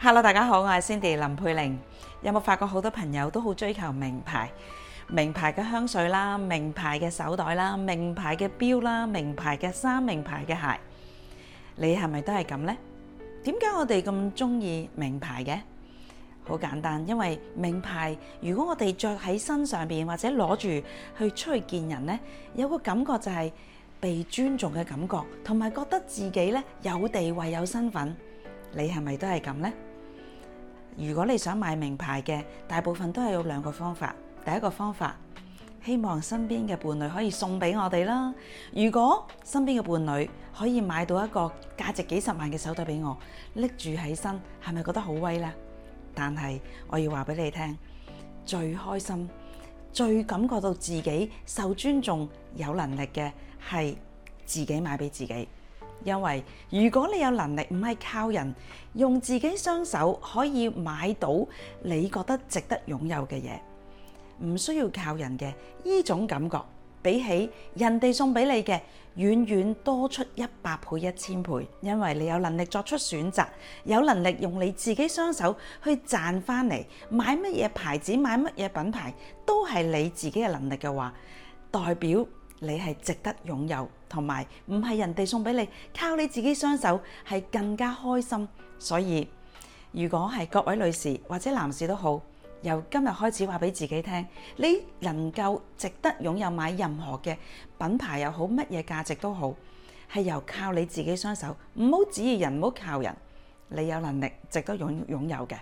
Hello，大家好，我係 Cindy 林佩玲。有冇發覺好多朋友都好追求名牌？名牌嘅香水啦，名牌嘅手袋啦，名牌嘅錶啦，名牌嘅衫，名牌嘅鞋，你係咪都係咁呢？點解我哋咁中意名牌嘅？好簡單，因為名牌如果我哋着喺身上邊或者攞住去出去見人呢，有個感覺就係被尊重嘅感覺，同埋覺得自己呢有地位有身份。你係咪都係咁呢？如果你想買名牌嘅，大部分都係有兩個方法。第一個方法，希望身邊嘅伴侶可以送俾我哋啦。如果身邊嘅伴侶可以買到一個價值幾十萬嘅手袋俾我，拎住起身，係咪覺得好威呢？但係我要話俾你聽，最開心、最感覺到自己受尊重、有能力嘅，係自己買俾自己。因為如果你有能力，唔係靠人，用自己雙手可以買到你覺得值得擁有嘅嘢，唔需要靠人嘅。呢種感覺，比起人哋送俾你嘅，遠遠多出一百倍、一千倍。因為你有能力作出選擇，有能力用你自己雙手去賺翻嚟，買乜嘢牌子、買乜嘢品牌，都係你自己嘅能力嘅話，代表。你係值得擁有，同埋唔係人哋送俾你，靠你自己雙手係更加開心。所以如果係各位女士或者男士都好，由今日開始話俾自己聽，你能夠值得擁有買任何嘅品牌又好，乜嘢價值都好，係由靠你自己雙手，唔好指意人，唔好靠人，你有能力值得擁擁有嘅。